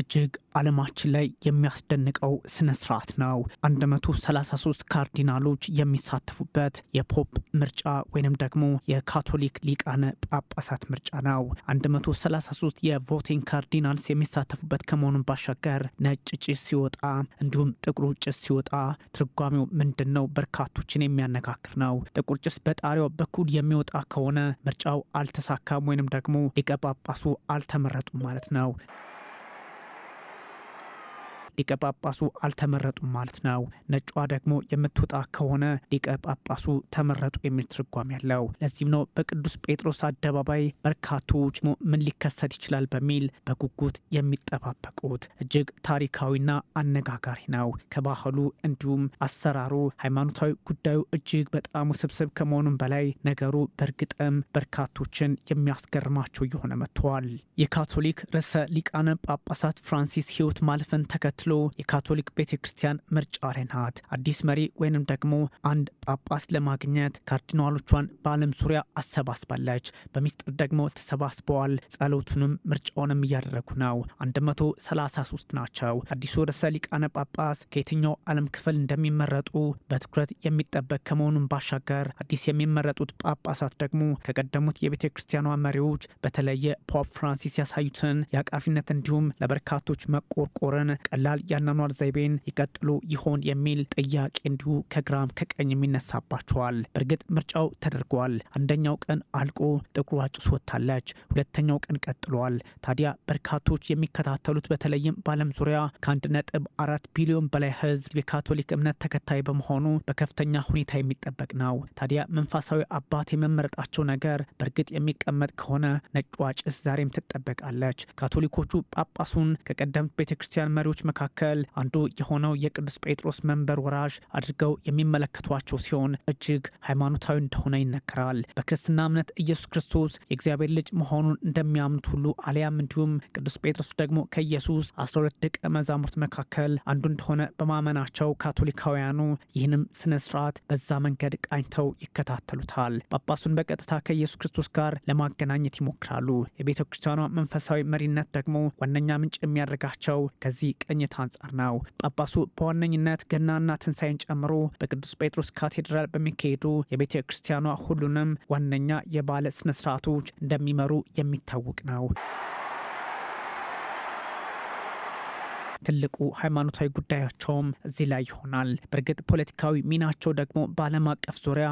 እጅግ ዓለማችን ላይ የሚያስደንቀው ስነ ስርዓት ነው። 133 ካርዲናሎች የሚሳተፉበት የፖፕ ምርጫ ወይንም ደግሞ የካቶሊክ ሊቃነ ጳጳሳት ምርጫ ነው። 133 የቮቲንግ ካርዲናልስ የሚሳተፉበት ከመሆኑን ባሻገር ነጭ ጭስ ሲወጣ እንዲሁም ጥቁሩ ጭስ ሲወጣ ትርጓሜው ምንድን ነው? በርካቶችን የሚያነጋግር ነው። ጥቁር ጭስ በጣሪያው በኩል የሚወጣ ከሆነ ምርጫው አልተሳካም ወይንም ደግሞ ሊቀ ጳጳሱ አልተመረጡም ማለት ነው። ሊቀ ጳጳሱ አልተመረጡም ማለት ነው። ነጯ ደግሞ የምትወጣ ከሆነ ሊቀ ጳጳሱ ተመረጡ የሚል ትርጓሜ ያለው። ለዚህም ነው በቅዱስ ጴጥሮስ አደባባይ በርካቶች ምን ሊከሰት ይችላል በሚል በጉጉት የሚጠባበቁት። እጅግ ታሪካዊና አነጋጋሪ ነው። ከባህሉ እንዲሁም አሰራሩ፣ ሃይማኖታዊ ጉዳዩ እጅግ በጣም ውስብስብ ከመሆኑም በላይ ነገሩ በእርግጥም በርካቶችን የሚያስገርማቸው እየሆነ መጥተዋል። የካቶሊክ ርዕሰ ሊቃነ ጳጳሳት ፍራንሲስ ሕይወት ማለፍን ተከትሎ ተከትሎ የካቶሊክ ቤተ ክርስቲያን ምርጫ ሬንሃት ናት። አዲስ መሪ ወይንም ደግሞ አንድ ጳጳስ ለማግኘት ካርዲናሎቿን በዓለም ዙሪያ አሰባስባለች። በሚስጥር ደግሞ ተሰባስበዋል። ጸሎቱንም ምርጫውንም እያደረጉ ነው። 133 ናቸው። አዲሱ ርዕሰ ሊቃነ ጳጳስ ከየትኛው ዓለም ክፍል እንደሚመረጡ በትኩረት የሚጠበቅ ከመሆኑን ባሻገር አዲስ የሚመረጡት ጳጳሳት ደግሞ ከቀደሙት የቤተ ክርስቲያኗ መሪዎች በተለየ ፖፕ ፍራንሲስ ያሳዩትን የአቃፊነት እንዲሁም ለበርካቶች መቆርቆርን ቀላል የፌዴራል የአኗኗር ዘይቤን ይቀጥሉ ይሆን የሚል ጥያቄ እንዲሁ ከግራም ከቀኝ የሚነሳባቸዋል። በእርግጥ ምርጫው ተደርጓል። አንደኛው ቀን አልቆ ጥቁሯ ጭስ ወጥታለች። ሁለተኛው ቀን ቀጥሏል። ታዲያ በርካቶች የሚከታተሉት በተለይም በዓለም ዙሪያ ከአንድ ነጥብ አራት ቢሊዮን በላይ ህዝብ የካቶሊክ እምነት ተከታይ በመሆኑ በከፍተኛ ሁኔታ የሚጠበቅ ነው። ታዲያ መንፈሳዊ አባት የመመረጣቸው ነገር በእርግጥ የሚቀመጥ ከሆነ ነጯ ጭስ ዛሬም ትጠበቃለች። ካቶሊኮቹ ጳጳሱን ከቀደምት ቤተክርስቲያን መሪዎች መካከል መካከል አንዱ የሆነው የቅዱስ ጴጥሮስ መንበር ወራሽ አድርገው የሚመለከቷቸው ሲሆን እጅግ ሃይማኖታዊ እንደሆነ ይነገራል። በክርስትና እምነት ኢየሱስ ክርስቶስ የእግዚአብሔር ልጅ መሆኑን እንደሚያምኑት ሁሉ አሊያም እንዲሁም ቅዱስ ጴጥሮስ ደግሞ ከኢየሱስ 12 ደቀ መዛሙርት መካከል አንዱ እንደሆነ በማመናቸው ካቶሊካውያኑ ይህንም ስነ ስርዓት በዛ መንገድ ቃኝተው ይከታተሉታል። ጳጳሱን በቀጥታ ከኢየሱስ ክርስቶስ ጋር ለማገናኘት ይሞክራሉ። የቤተ ክርስቲያኗ መንፈሳዊ መሪነት ደግሞ ዋነኛ ምንጭ የሚያደርጋቸው ከዚህ ቀኝ ከሚሉት አንጻር ነው። ጳጳሱ በዋነኝነት ገናና ትንሣኤን ጨምሮ በቅዱስ ጴጥሮስ ካቴድራል በሚካሄዱ የቤተ ክርስቲያኗ ሁሉንም ዋነኛ የባለ ስነ ስርዓቶች እንደሚመሩ የሚታወቅ ነው። ትልቁ ሃይማኖታዊ ጉዳያቸውም እዚህ ላይ ይሆናል። በእርግጥ ፖለቲካዊ ሚናቸው ደግሞ በዓለም አቀፍ ዙሪያ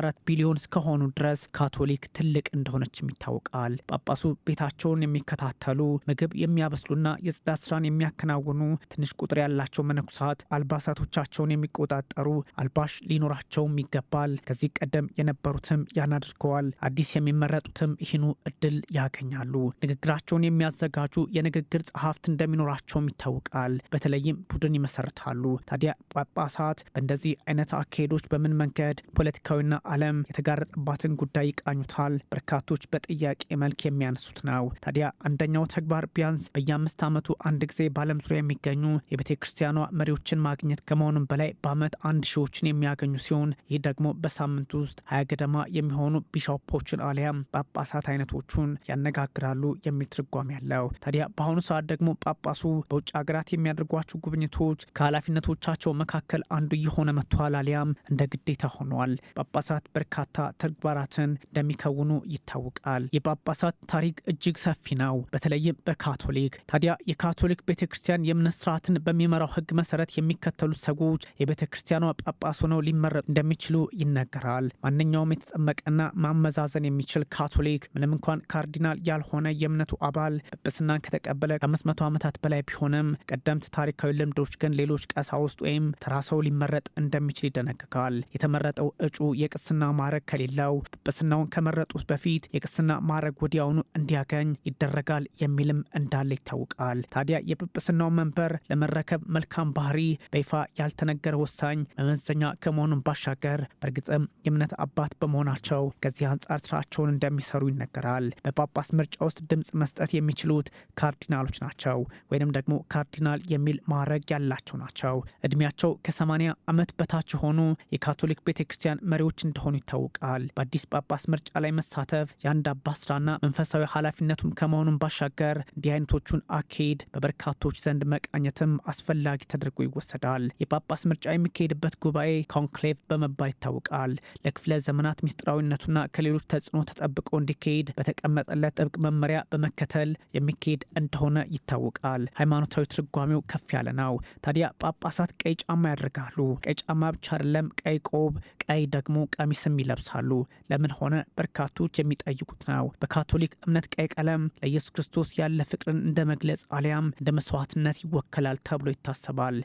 አራት ቢሊዮን እስከሆኑ ድረስ ካቶሊክ ትልቅ እንደሆነችም ይታወቃል። ጳጳሱ ቤታቸውን የሚከታተሉ ምግብ የሚያበስሉና የጽዳት ስራን የሚያከናውኑ ትንሽ ቁጥር ያላቸው መነኩሳት አልባሳቶቻቸውን የሚቆጣጠሩ አልባሽ ሊኖራቸውም ይገባል። ከዚህ ቀደም የነበሩትም ያን አድርገዋል። አዲስ የሚመረጡትም ይህኑ እድል ያገኛሉ። ንግግራቸውን የሚያዘጋጁ የንግግር ጸሐፍት እንደሚኖራቸውም ይታወቃል። ይታወቃል። በተለይም ቡድን ይመሰርታሉ። ታዲያ ጳጳሳት በእንደዚህ አይነት አካሄዶች በምን መንገድ ፖለቲካዊና ዓለም የተጋረጠባትን ጉዳይ ይቃኙታል? በርካቶች በጥያቄ መልክ የሚያነሱት ነው። ታዲያ አንደኛው ተግባር ቢያንስ በየአምስት ዓመቱ አንድ ጊዜ በዓለም ዙሪያ የሚገኙ የቤተ ክርስቲያኗ መሪዎችን ማግኘት ከመሆኑም በላይ በዓመት አንድ ሺዎችን የሚያገኙ ሲሆን ይህ ደግሞ በሳምንት ውስጥ ሀያ ገደማ የሚሆኑ ቢሾፖችን አሊያም ጳጳሳት አይነቶቹን ያነጋግራሉ የሚል ትርጓሜ ያለው ታዲያ በአሁኑ ሰዓት ደግሞ ጳጳሱ በውጭ ሀገራት የሚያደርጓቸው ጉብኝቶች ከኃላፊነቶቻቸው መካከል አንዱ የሆነ መጥቷል፣ አሊያም እንደ ግዴታ ሆነዋል። ጳጳሳት በርካታ ተግባራትን እንደሚከውኑ ይታወቃል። የጳጳሳት ታሪክ እጅግ ሰፊ ነው፣ በተለይም በካቶሊክ። ታዲያ የካቶሊክ ቤተ ክርስቲያን የእምነት ስርዓትን በሚመራው ህግ መሰረት የሚከተሉት ሰዎች የቤተ ክርስቲያኗ ጳጳስ ሆነው ሊመረጡ እንደሚችሉ ይነገራል። ማንኛውም የተጠመቀና ማመዛዘን የሚችል ካቶሊክ ምንም እንኳን ካርዲናል ያልሆነ የእምነቱ አባል ጵጵስናን ከተቀበለ ከአምስት መቶ ዓመታት በላይ ቢሆንም ቀደምት ታሪካዊ ልምዶች ግን ሌሎች ቀሳውስት ወይም ተራ ሰው ሊመረጥ እንደሚችል ይደነግጋል። የተመረጠው እጩ የቅስና ማዕረግ ከሌለው ጵጵስናውን ከመረጡት በፊት የቅስና ማዕረግ ወዲያውኑ እንዲያገኝ ይደረጋል የሚልም እንዳለ ይታወቃል። ታዲያ የጵጵስናው መንበር ለመረከብ መልካም ባህሪ በይፋ ያልተነገረ ወሳኝ መመዘኛ ከመሆኑን ባሻገር በእርግጥም የእምነት አባት በመሆናቸው ከዚህ አንጻር ስራቸውን እንደሚሰሩ ይነገራል። በጳጳስ ምርጫ ውስጥ ድምፅ መስጠት የሚችሉት ካርዲናሎች ናቸው ወይንም ደግሞ ካርዲናል የሚል ማዕረግ ያላቸው ናቸው። እድሜያቸው ከ80 ዓመት በታች የሆኑ የካቶሊክ ቤተ ክርስቲያን መሪዎች እንደሆኑ ይታወቃል። በአዲስ ጳጳስ ምርጫ ላይ መሳተፍ የአንድ አባት ስራና መንፈሳዊ ኃላፊነቱም ከመሆኑን ባሻገር እንዲህ አይነቶቹን አካሄድ በበርካቶች ዘንድ መቃኘትም አስፈላጊ ተደርጎ ይወሰዳል። የጳጳስ ምርጫ የሚካሄድበት ጉባኤ ኮንክሌቭ በመባል ይታወቃል። ለክፍለ ዘመናት ሚስጥራዊነቱና ከሌሎች ተጽዕኖ ተጠብቆ እንዲካሄድ በተቀመጠለት ጥብቅ መመሪያ በመከተል የሚካሄድ እንደሆነ ይታወቃል። ሃይማኖታዊ ተከታዮች ትርጓሜው ከፍ ያለ ነው። ታዲያ ጳጳሳት ቀይ ጫማ ያደርጋሉ። ቀይ ጫማ ብቻ አይደለም፣ ቀይ ቆብ፣ ቀይ ደግሞ ቀሚስም ይለብሳሉ። ለምን ሆነ በርካቶች የሚጠይቁት ነው። በካቶሊክ እምነት ቀይ ቀለም ለኢየሱስ ክርስቶስ ያለ ፍቅርን እንደ መግለጽ አሊያም እንደ መስዋዕትነት ይወከላል ተብሎ ይታሰባል።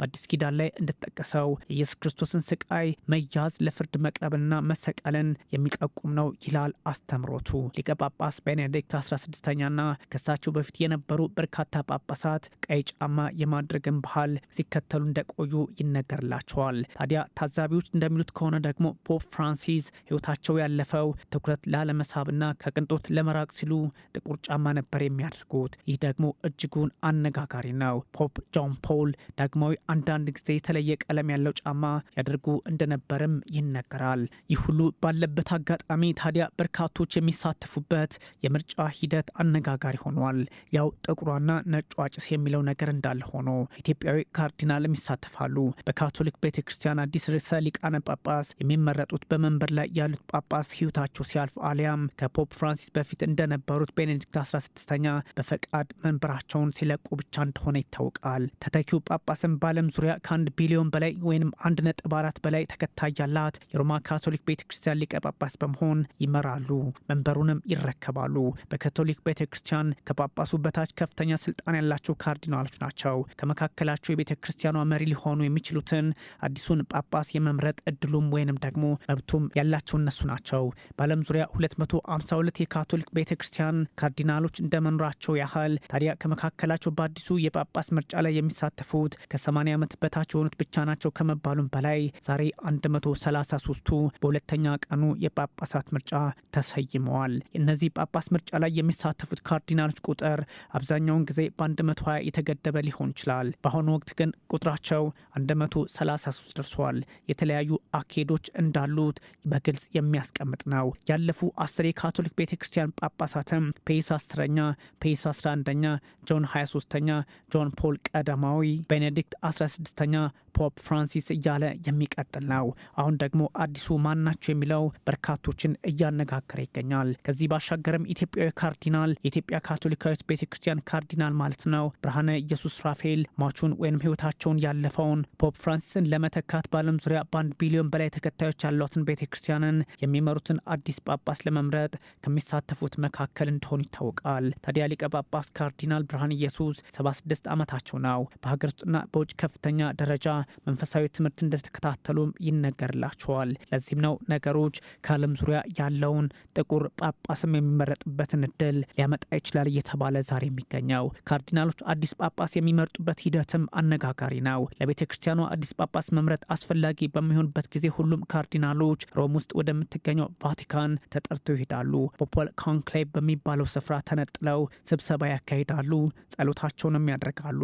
በአዲስ ኪዳን ላይ እንደተጠቀሰው የኢየሱስ ክርስቶስን ስቃይ መያዝ፣ ለፍርድ መቅረብና መሰቀልን የሚጠቁም ነው ይላል አስተምሮቱ። ሊቀ ጳጳስ ቤኔዲክት 16ኛና ከሳቸው በፊት የነበሩ በርካታ ጳጳሳት ቀይ ጫማ የማድረግን ባህል ሲከተሉ እንደቆዩ ይነገርላቸዋል። ታዲያ ታዛቢዎች እንደሚሉት ከሆነ ደግሞ ፖፕ ፍራንሲስ ሕይወታቸው ያለፈው ትኩረት ላለመሳብና ከቅንጦት ለመራቅ ሲሉ ጥቁር ጫማ ነበር የሚያደርጉት። ይህ ደግሞ እጅጉን አነጋጋሪ ነው። ፖፕ ጆን ፖል ዳግማዊ አንዳንድ ጊዜ የተለየ ቀለም ያለው ጫማ ያደርጉ እንደነበርም ይነገራል። ይህ ሁሉ ባለበት አጋጣሚ ታዲያ በርካቶች የሚሳተፉበት የምርጫ ሂደት አነጋጋሪ ሆኗል። ያው ጥቁሯና ነጯ ጭስ የሚለው ነገር እንዳለ ሆኖ ኢትዮጵያዊ ካርዲናልም ይሳተፋሉ። በካቶሊክ ቤተ ክርስቲያን አዲስ ርዕሰ ሊቃነ ጳጳስ የሚመረጡት በመንበር ላይ ያሉት ጳጳስ ሕይወታቸው ሲያልፍ አሊያም ከፖፕ ፍራንሲስ በፊት እንደነበሩት ቤኔዲክት 16ኛ በፈቃድ መንበራቸውን ሲለቁ ብቻ እንደሆነ ይታወቃል። ተተኪው ጳጳስን ባለ በዓለም ዙሪያ ከአንድ ቢሊዮን በላይ ወይም አንድ ነጥብ አራት በላይ ተከታይ ያላት የሮማ ካቶሊክ ቤተ ክርስቲያን ሊቀ ጳጳስ በመሆን ይመራሉ፣ መንበሩንም ይረከባሉ። በካቶሊክ ቤተ ክርስቲያን ከጳጳሱ በታች ከፍተኛ ስልጣን ያላቸው ካርዲናሎች ናቸው። ከመካከላቸው የቤተ ክርስቲያኗ መሪ ሊሆኑ የሚችሉትን አዲሱን ጳጳስ የመምረጥ እድሉም ወይንም ደግሞ መብቱም ያላቸው እነሱ ናቸው። በዓለም ዙሪያ 252 የካቶሊክ ቤተ ክርስቲያን ካርዲናሎች እንደመኖራቸው ያህል ታዲያ ከመካከላቸው በአዲሱ የጳጳስ ምርጫ ላይ የሚሳተፉት ከ80 ከ80 ዓመት በታች የሆኑት ብቻ ናቸው ከመባሉም በላይ ዛሬ 133ቱ በሁለተኛ ቀኑ የጳጳሳት ምርጫ ተሰይመዋል። እነዚህ ጳጳስ ምርጫ ላይ የሚሳተፉት ካርዲናሎች ቁጥር አብዛኛውን ጊዜ በ120 የተገደበ ሊሆን ይችላል። በአሁኑ ወቅት ግን ቁጥራቸው 133 ደርሷል። የተለያዩ አካሄዶች እንዳሉት በግልጽ የሚያስቀምጥ ነው። ያለፉ አስር የካቶሊክ ቤተ ክርስቲያን ጳጳሳትም ፔስ አስረኛ ኛ ፔስ 11ኛ፣ ጆን 23ኛ፣ ጆን ፖል ቀዳማዊ፣ ቤኔዲክት 16ኛ ፖፕ ፍራንሲስ እያለ የሚቀጥል ነው። አሁን ደግሞ አዲሱ ማን ናቸው የሚለው በርካቶችን እያነጋገረ ይገኛል። ከዚህ ባሻገርም ኢትዮጵያዊ ካርዲናል የኢትዮጵያ ካቶሊካዊት ቤተ ክርስቲያን ካርዲናል ማለት ነው ብርሃነ ኢየሱስ ራፌል ሟቹን ወይም ህይወታቸውን ያለፈውን ፖፕ ፍራንሲስን ለመተካት በዓለም ዙሪያ በአንድ ቢሊዮን በላይ ተከታዮች ያሏትን ቤተ ክርስቲያንን የሚመሩትን አዲስ ጳጳስ ለመምረጥ ከሚሳተፉት መካከል እንደሆኑ ይታወቃል። ታዲያ ሊቀ ጳጳስ ካርዲናል ብርሃነ ኢየሱስ 76 ዓመታቸው ነው። በሀገር ውስጥና በውጭ ከፍተኛ ደረጃ መንፈሳዊ ትምህርት እንደተከታተሉም ይነገርላቸዋል። ለዚህም ነው ነገሮች ከዓለም ዙሪያ ያለውን ጥቁር ጳጳስም የሚመረጥበትን እድል ሊያመጣ ይችላል እየተባለ ዛሬ የሚገኘው ካርዲናሎች አዲስ ጳጳስ የሚመርጡበት ሂደትም አነጋጋሪ ነው። ለቤተ ክርስቲያኗ አዲስ ጳጳስ መምረጥ አስፈላጊ በሚሆንበት ጊዜ ሁሉም ካርዲናሎች ሮም ውስጥ ወደምትገኘው ቫቲካን ተጠርተው ይሄዳሉ። በፖል ኮንክሌቭ በሚባለው ስፍራ ተነጥለው ስብሰባ ያካሂዳሉ። ጸሎታቸውንም ያደርጋሉ።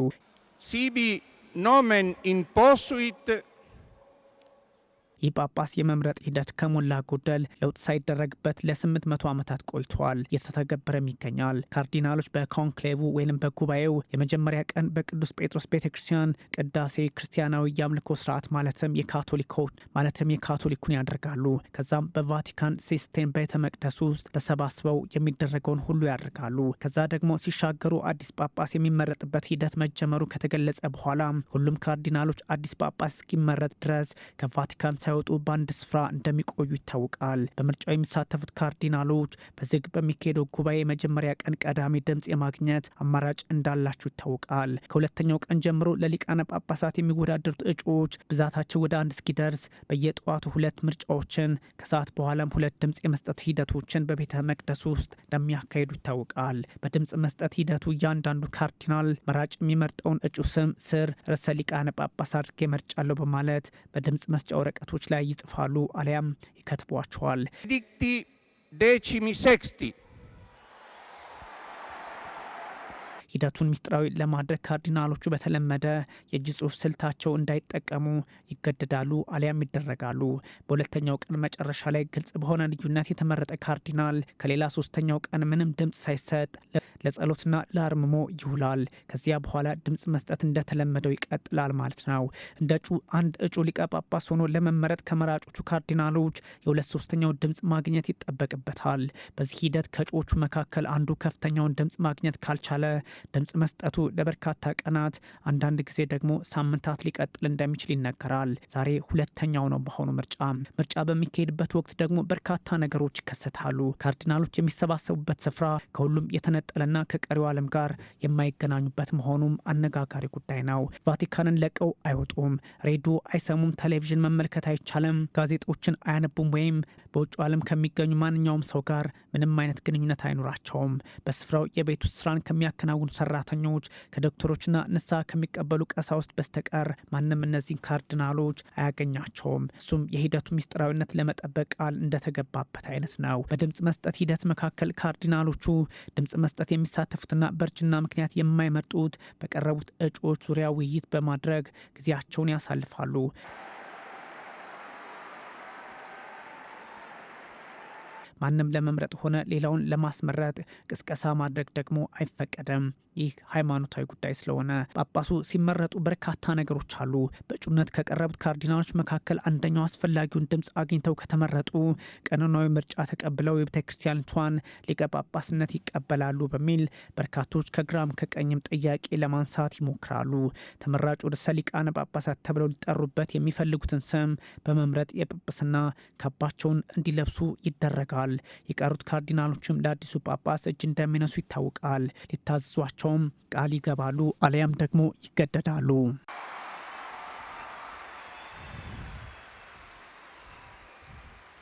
ሲቢ nomen in possuit ይህ ጳጳስ የመምረጥ ሂደት ከሞላ ጎደል ለውጥ ሳይደረግበት ለ800 ዓመታት ቆይተዋል፣ እየተተገበረም ይገኛል። ካርዲናሎች በኮንክሌቭ ወይም በጉባኤው የመጀመሪያ ቀን በቅዱስ ጴጥሮስ ቤተ ክርስቲያን ቅዳሴ ክርስቲያናዊ የአምልኮ ስርዓት ማለትም የካቶሊኮች ማለትም የካቶሊኩን ያደርጋሉ። ከዛም በቫቲካን ሲስቴን ቤተ መቅደስ ውስጥ ተሰባስበው የሚደረገውን ሁሉ ያደርጋሉ። ከዛ ደግሞ ሲሻገሩ አዲስ ጳጳስ የሚመረጥበት ሂደት መጀመሩ ከተገለጸ በኋላ ሁሉም ካርዲናሎች አዲስ ጳጳስ እስኪመረጥ ድረስ ከቫቲካን ሳይወጡ በአንድ ስፍራ እንደሚቆዩ ይታወቃል። በምርጫው የሚሳተፉት ካርዲናሎች በዝግ በሚካሄደው ጉባኤ የመጀመሪያ ቀን ቀዳሚ ድምፅ የማግኘት አማራጭ እንዳላቸው ይታወቃል። ከሁለተኛው ቀን ጀምሮ ለሊቃነ ጳጳሳት የሚወዳደሩት እጩዎች ብዛታቸው ወደ አንድ እስኪደርስ በየጠዋቱ ሁለት ምርጫዎችን ከሰዓት በኋላም ሁለት ድምፅ የመስጠት ሂደቶችን በቤተ መቅደስ ውስጥ እንደሚያካሂዱ ይታወቃል። በድምፅ መስጠት ሂደቱ እያንዳንዱ ካርዲናል መራጭ የሚመርጠውን እጩ ስም ስር ርዕሰ ሊቃነ ጳጳስ አድርጌ መርጫለሁ በማለት በድምፅ መስጫ ወረቀቱ ሴቶች ላይ ይጽፋሉ አሊያም ይከትቧቸዋል። ዲክቲ ዴቺሚ ሴክስቲ ሂደቱን ሚስጥራዊ ለማድረግ ካርዲናሎቹ በተለመደ የእጅ ጽሑፍ ስልታቸው እንዳይጠቀሙ ይገደዳሉ አሊያም ይደረጋሉ። በሁለተኛው ቀን መጨረሻ ላይ ግልጽ በሆነ ልዩነት የተመረጠ ካርዲናል ከሌላ ሶስተኛው ቀን ምንም ድምፅ ሳይሰጥ ለጸሎትና ለአርምሞ ይውላል። ከዚያ በኋላ ድምፅ መስጠት እንደተለመደው ይቀጥላል ማለት ነው። እንደ እጩ አንድ እጩ ሊቀ ጳጳስ ሆኖ ለመመረጥ ከመራጮቹ ካርዲናሎች የሁለት ሶስተኛው ድምፅ ማግኘት ይጠበቅበታል። በዚህ ሂደት ከእጩዎቹ መካከል አንዱ ከፍተኛውን ድምፅ ማግኘት ካልቻለ ድምፅ መስጠቱ ለበርካታ ቀናት አንዳንድ ጊዜ ደግሞ ሳምንታት ሊቀጥል እንደሚችል ይነገራል። ዛሬ ሁለተኛው ነው በአሁኑ ምርጫ። ምርጫ በሚካሄድበት ወቅት ደግሞ በርካታ ነገሮች ይከሰታሉ። ካርዲናሎች የሚሰባሰቡበት ስፍራ ከሁሉም የተነጠለና ከቀሪው ዓለም ጋር የማይገናኙበት መሆኑም አነጋጋሪ ጉዳይ ነው። ቫቲካንን ለቀው አይወጡም፣ ሬዲዮ አይሰሙም፣ ቴሌቪዥን መመልከት አይቻልም፣ ጋዜጦችን አያነቡም ወይም በውጭ ዓለም ከሚገኙ ማንኛውም ሰው ጋር ምንም አይነት ግንኙነት አይኖራቸውም። በስፍራው የቤት ውስጥ ስራን ከሚያከናውኑ ሰራተኞች፣ ከዶክተሮችና ንሳ ከሚቀበሉ ቀሳውስት በስተቀር ማንም እነዚህን ካርዲናሎች አያገኛቸውም። እሱም የሂደቱ ሚስጥራዊነት ለመጠበቅ ቃል እንደተገባበት አይነት ነው። በድምፅ መስጠት ሂደት መካከል ካርዲናሎቹ ድምፅ መስጠት የሚሳተፉትና በእርጅና ምክንያት የማይመርጡት በቀረቡት እጩዎች ዙሪያ ውይይት በማድረግ ጊዜያቸውን ያሳልፋሉ። ማንም ለመምረጥ ሆነ ሌላውን ለማስመረጥ ቅስቀሳ ማድረግ ደግሞ አይፈቀደም ይህ ሃይማኖታዊ ጉዳይ ስለሆነ ጳጳሱ ሲመረጡ በርካታ ነገሮች አሉ። በእጩነት ከቀረቡት ካርዲናሎች መካከል አንደኛው አስፈላጊውን ድምፅ አግኝተው ከተመረጡ ቀኖናዊ ምርጫ ተቀብለው የቤተ ክርስቲያኒቷን ሊቀ ጳጳስነት ይቀበላሉ በሚል በርካቶች ከግራም ከቀኝም ጥያቄ ለማንሳት ይሞክራሉ። ተመራጩ ርዕሰ ሊቃነ ጳጳሳት ተብለው ሊጠሩበት የሚፈልጉትን ስም በመምረጥ የጵጵስና ካባቸውን እንዲለብሱ ይደረጋል። ይጠበቃል። የቀሩት ካርዲናሎችም ለአዲሱ ጳጳስ እጅ እንደሚነሱ ይታወቃል። ሊታዘዟቸውም ቃል ይገባሉ አሊያም ደግሞ ይገደዳሉ።